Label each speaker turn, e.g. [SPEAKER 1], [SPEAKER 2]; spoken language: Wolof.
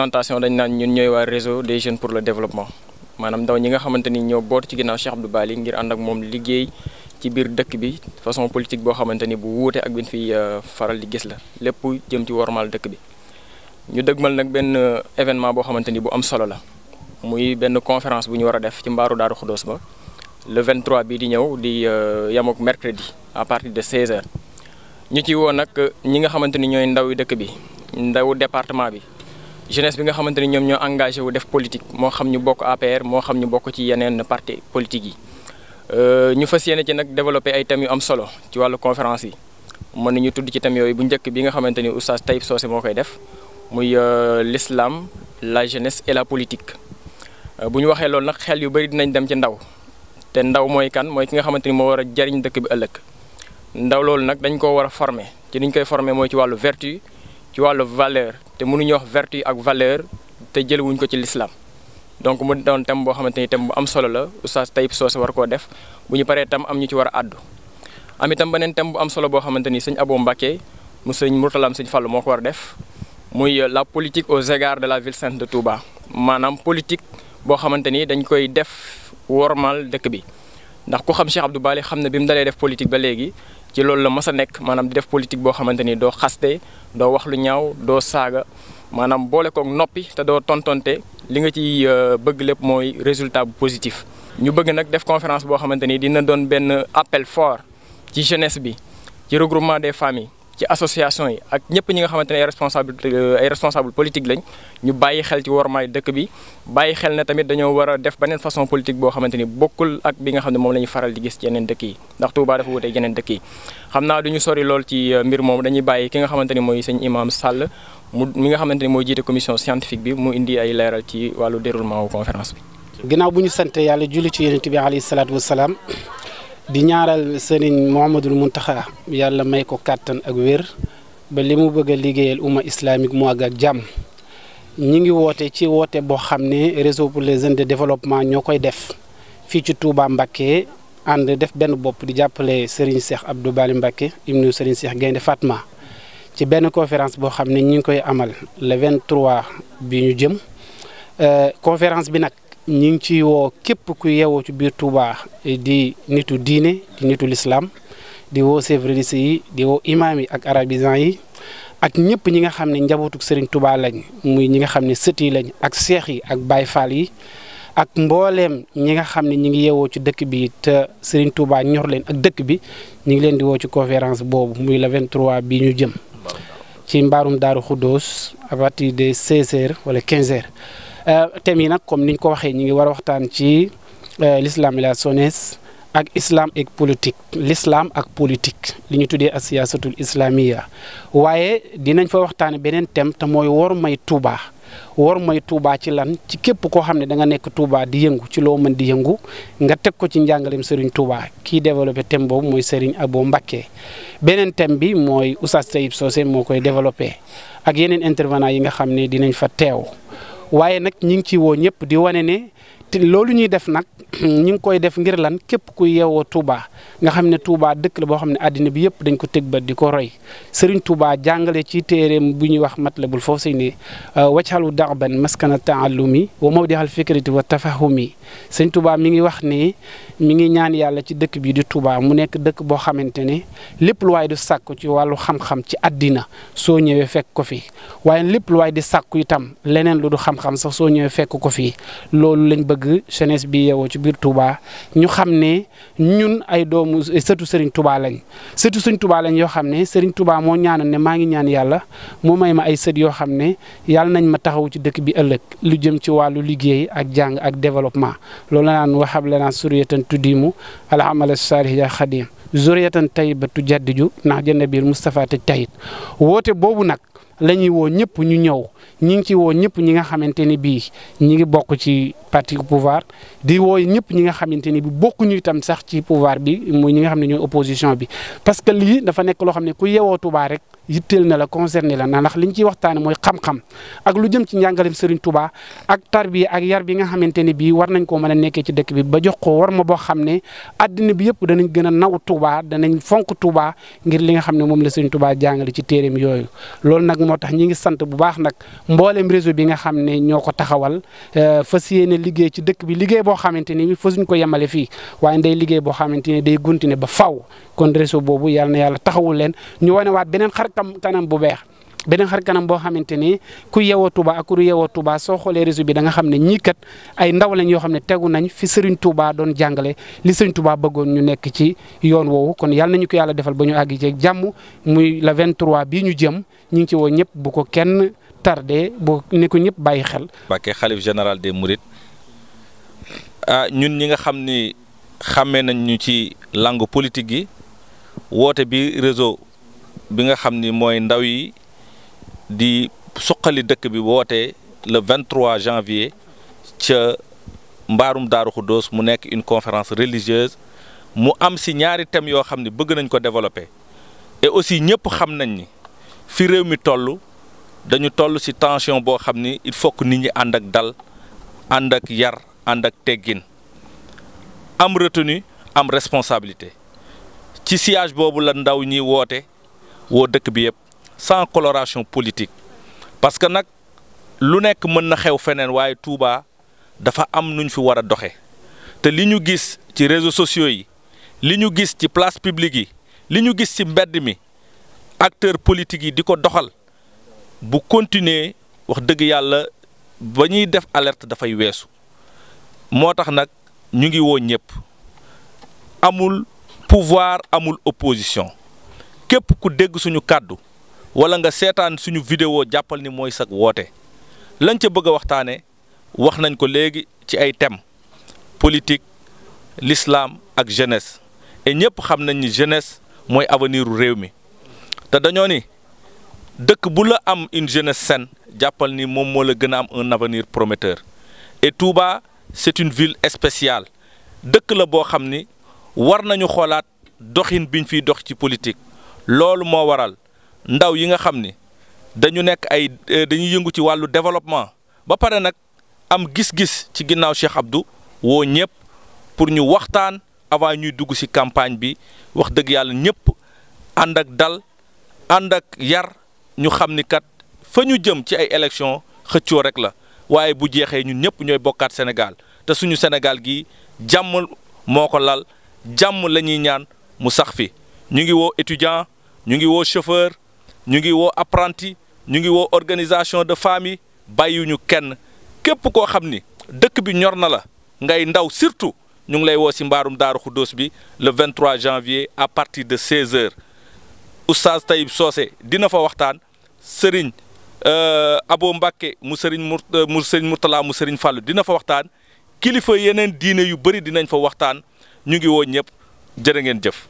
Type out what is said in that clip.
[SPEAKER 1] présentation dañ nan ñun ñoy wa réseau des jeunes pour le développement manam ndaw ñi nga xamanteni ñoo boot ci ginnaaw Cheikh Abdou Bali ngir and ak mom liggéey ci biir dëkk bi façon politique bo xamanteni bu wuute ak bi fi euh, faral di gis la lepp jëm ci wormal dëkk bi. ñu dëgmal nak ben euh, événement bo xamanteni bu am solo la muy ben conférence bu ñu wara def ci mbaru daru Xuddoos ba le 23 bi di ñëw di euh, yamook mercredi à partir de 16h ñu ci wo nak ñi nga xamanteni ñoy ndaw yi dëkk bi ndaw département bi. jeunesse bi nga xamanteni ñom ñoo engagé wu def politique mo xam ñu bokk APR mo xam ñu bokk ci yeneen parti politique yi euh, ñu fassiyene ci nak développer ay thème yu am solo ci walu conférence yi mën ñu tudd ci thème yoy bu ñëk bi nga xamanteni ni oustaz Taïb Socé koy def muy euh, l'islam la jeunesse et la politique euh, bu ñu waxé lool nak xel yu bari dinañ dem ci ndaw té ndaw moy kan moy ki nga xamanteni mo wara jariñ dëkk bi ëlëk ndaw lool nak dañ ko wara former ci niñ koy former moy ci walu vertu ci wàllu valeur te mënuñu wax vertu ak valeur te jël wuñ ko ci lislaam donc mu doon thème boo xamante ni thème bu am solo la oustaz Tayib Socé war koo def bu ñu paree tam am ñu ci war a àddu am itam beneen thème bu am solo boo xamante ni sëñ Abo Mbacké mu sëñ am sëñ Fallou moo ko war def muy euh, la politique aux égards de la ville sainte de Touba maanaam politique boo xamante ni dañ koy def wormal dëkk bi ndax ku xam Cheikh Abdou Bali xam ne bi mu dalee def politique ba léegi ci loolu la mës a nekk maanaam di def politique boo xamante ni doo xaste doo wax lu ñaaw doo saaga maanaam boole kook noppi te doo tontonte li nga ci euh, bëgg lépp mooy résultat bu positif. ñu bëgg nag def conférence boo xamante ni dina doon benn appel fort ci jeunesse bi ci regroupement des familles. ci association yi ak ñëpp ñi nga xamante ne ay responsable ay responsable ñu bàyyi xel ci wormaay dëkk bi bàyyi xel ne tamit dañoo war def beneen façon politique boo xamante bokkul ak bi nga xam ne moom la ñuy faral di gis yeneen dëkk yi ndax Touba dafa wutee yeneen dëkk yi xam naa duñu sori lool ci euh, mbir moom dañuy bàyyi ki nga xamante ni mooy sëñ Imam Sall mu mi nga xamante ni mooy jiite commission scientifique bi mu indi ay leeral ci wàllu déroulement
[SPEAKER 2] di ñaaral sëriñ Mouhamadul muntaha yàlla may ko katan ak wér ba limu bëgg a umma islamique mo ak jam ñi ngi woté ci woté bo xamné réseau pour les jeunes de développement ñokoy def fi ci Touba Mbacké ànd def ben bop di jàppale Serigne Cheikh Abdou Bali Mbacké ibnu Serigne Cheikh gende Fatma ci ben conférence bo xamné ñi ngi koy amal le 23 bi ñu jëm euh conférence bi nak ñi ngi ciy woo képp ku yeewoo ci biir Touba eh, di nitu diine di nitu lislaam di woo chefs religieux yi di woo imaam yi ak arabisants yi ak ñëpp ñi nga xam ne njabootuk Serigne Touba lañ muy ñi nga xam ne sët yi lañ ak seex yi ak Baye Fall yi ak mbooleem ñi nga xam ne ñi ngi yeewoo ci dëkk bi te Serigne Touba ñor leen ak dëkk bi ñi ngi leen di woo ci conférence boobu muy le 23 bi ñu jëm ci mbaarum Daaru Xuddoos à partir de 16h wala 15h. Euh, thèmes yi nag comme niñ ko waxee ñu ngi war a waxtaan ci euh, l'islam et la jeunesse ak islam ak politique l'islam ak politique li ñu tuddee as siyaasatul islamiya waaye dinañ fa waxtaane beneen thème te mooy wor may Touba wor may Touba ci lan ci képp koo xam ne da nga nekk Touba di yëngu ci loo mën di yëngu nga teg ko ci njàngaleem Serigne Touba kii développé thème boobu mooy Serigne Abo Mbacké beneen thème bi mooy Oustaz Sayib Socé moo koy développé ak yeneen intervenant yi nga xam ne dinañ fa teew waaye nag ñi ngi ci woo ñëpp di wane ne te loolu ñuy def nag ñu ngi koy def ngir lan képp ku yeewoo Touba nga xam ne Touba dëkk la boo xam ne àddina bi yëpp dañ ko teg ba di ko roy Serigne Touba jàngale ci téere bu ñuy wax mat Matlabul Fawzayni euh, wajxalu da'ban maskana ta'allumi wa mawdihal fikrati wa tafahumi Serigne Touba mi ngi wax nii mi ngi ñaan yàlla ci dëkk bii di Touba mu nekk dëkk boo xamante ni lépp lu waay di sàkku ci wàllu xam-xam ci àddina soo ñëwee fekk ko fi waaye lépp lu di sàkku itam leneen lu du sax soo ñëwee fekk ko fi bëgg jeunesse bi yeewoo ci biir Touba ñu xam ne ñun ay doomu sëtu Serigne Touba lañ sëtu Serigne Touba lañ yoo xam ne Serigne Touba moo ñaan a ne maa ngi ñaan yàlla moo may ma ay sët yoo xam ne yàlla nañ ma taxaw ci dëkk bi ëllëg lu jëm ci wàllu liggéey ak jàng ak développement loolu la naan waxab la naan suriyatan tuddimu alhamala saalih ya xadim zuriyatan tayyibatu jaddiju ndax jënd biir Moustapha te tayit woote boobu nag la ñuy woo ñëpp ñu ñëw ñi ngi ci woo ñëpp ñi nga xamante ni bii ñi ngi bokk ci parti pouvoir di woo ñëpp ñi nga xamante ni bi bokkuñu itam sax ci pouvoir bi muy ñi nga xam ne ñooy opposition bi parce que lii dafa nekk loo xam ne ku yewoo Touba rek yitteel na la concerné la na ndax liñ ciy mooy xam-xam ak lu jëm ci njàngalem Serigne Touba ak tarbiya ak yar bi nga xamante ne bii war nañ koo mën a nekkee ci dëkk bi ba jox ko war ma boo xam ne addina bi yëpp danañ gën a naw Touba danañ fonk Touba ngir li nga xam ne moom la Serigne Touba jàngale ci téeréem yooyu loolu nag moo tax ñi ngi sant bu baax nag mboolem réseau bi nga xam ne ñoo ko taxawal euh, fas yéene liggéey ci dëkk bi liggéey boo xamante ni fasuñ ko yemale fii waaye day liggéey boo xamante ne day gunti ba faw kon réseau boobu yàlla na yàlla taxawul leen ñu wane beneen xar kanam bu beex beneen xar kanam boo xamante ni ku yeewoo Touba ak ku yeewoo soo xoolee réseau bi danga xam ne ñii kat ay ndaw lañ yoo xam ne tegu nañ fi Serigne Touba doon jàngale li Serigne Touba bëggoon ñu nekk ci yoon woowu kon yàlla nañu ko yàlla defal ba ñu àgg ci jàmm muy le 23 bii ñu jëm ñu ngi ci woo ñëpp bu ko kenn tardé bu ne ko ñëpp bàyyi xel.
[SPEAKER 3] Mbacké xalif général des Mourides ah ñun ñi nga xam ni xàmmee nañ ñu ci langue politique gi woote bi réseau. bi nga xamni moy ndaw yi di suqali dekk bi woote le 23 janvier ci mbarum daru Xuddoos mu nek une conférence religieuse mu am si ñaari thèmes yo xamni bëgg nañ ko développer et aussi ñëpp xam nañ ni fi réew mi toll dañu tollu ci tension bo xamni il faut que nit ñi and ak dal and ak yar and ak teggin am retenue am responsabilité ci siège bobu la ndaw ñi woote woo dëkk bi yëpp sans coloration politique parce que nag lu nekk mën na xew feneen waaye Touba dafa am nuñ fi war a doxe te li ñu gis ci réseau sociaux yi li ñu gis ci place publique yi li ñu gis ci mbedd mi acteurs politiques yi di ko doxal bu continuer wax dëgg yàlla ba ñuy def alerte dafay weesu moo tax nag ñu ngi woo ñëpp amul pouvoir amul opposition képp ku dégg suñu kàddu wala nga seetaan suñu video jàppal ni mooy sag woote lañ ca bëgg a waxtaanee wax nañ ko léegi ci ay thèmes politique lislaam ak jeunesse et ñëpp xam nañ ni jeunesse mooy avenir réew mi te dañoo ni dëkk bu la am une jeunesse saine jàppal ni moom moo la gën a am un avenir prometteur et Touba c'est une ville espéciale dëkk la boo xam ni war nañu xoolaat doxin biñ fiy dox ci politique. loolu moo waral ndaw yi nga xam ni dañu nekk ay eh, dañuy yëngu ci wàllu développement ba pare nag am gis-gis ci ginnaaw Cheikh Abdou woo ñëpp pour ñu waxtaan avant ñuy dugg ci campagne bi wax dëgg yàlla ñëpp ànd ak dal ànd ak yar ñu xam ni kat fa ñu jëm ci ay élection xëccoo rek la waaye bu jeexee ñun ñëpp ñooy bokkaat Sénégal te suñu Sénégal gi jàmm moo ko lal jàmm lañuy ñaan mu sax fi ñu ngi woo étudiant ñu ngi woo chauffeur ñu ngi wo apprenti ñu ngi wo organisation de famille bayu ñu kenn képp koo xam ni dëkk bi ñor na la ngay ndaw surtout ñu ngi lay woo si mbaarum daaru xuddoos bi le 23 janvier à partir de 16h oustaz Tayib Socé dina fa waxtaan Serigne euh, Abo Mbacke mu Serigne euh, mu Serigne Mourtala mu Serigne fallu dina fa waxtaan kilifa yeneen diine yu bëri dinañ fa waxtaan ñu ngi woo ñëpp jërë ngeen jëf.